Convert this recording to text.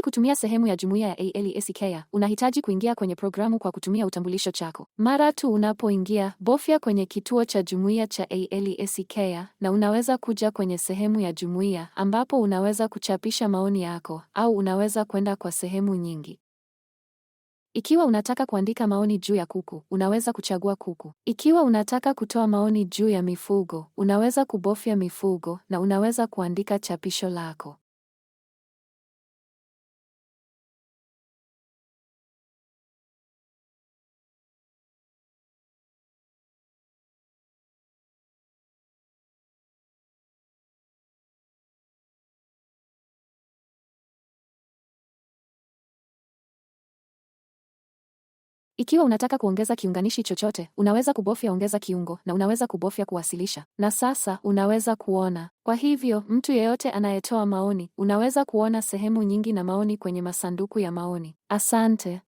Ili kutumia sehemu ya jumuiya ya ALS e Kenya, unahitaji kuingia kwenye programu kwa kutumia utambulisho chako. Mara tu unapoingia, bofya kwenye kituo cha jumuiya cha ALS e Kenya na unaweza kuja kwenye sehemu ya jumuiya ambapo unaweza kuchapisha maoni yako au unaweza kwenda kwa sehemu nyingi. Ikiwa unataka kuandika maoni juu ya kuku, unaweza kuchagua kuku. Ikiwa unataka kutoa maoni juu ya mifugo, unaweza kubofya mifugo na unaweza kuandika chapisho lako. Ikiwa unataka kuongeza kiunganishi chochote, unaweza kubofya ongeza kiungo na unaweza kubofya kuwasilisha. Na sasa unaweza kuona. Kwa hivyo, mtu yeyote anayetoa maoni, unaweza kuona sehemu nyingi na maoni kwenye masanduku ya maoni. Asante.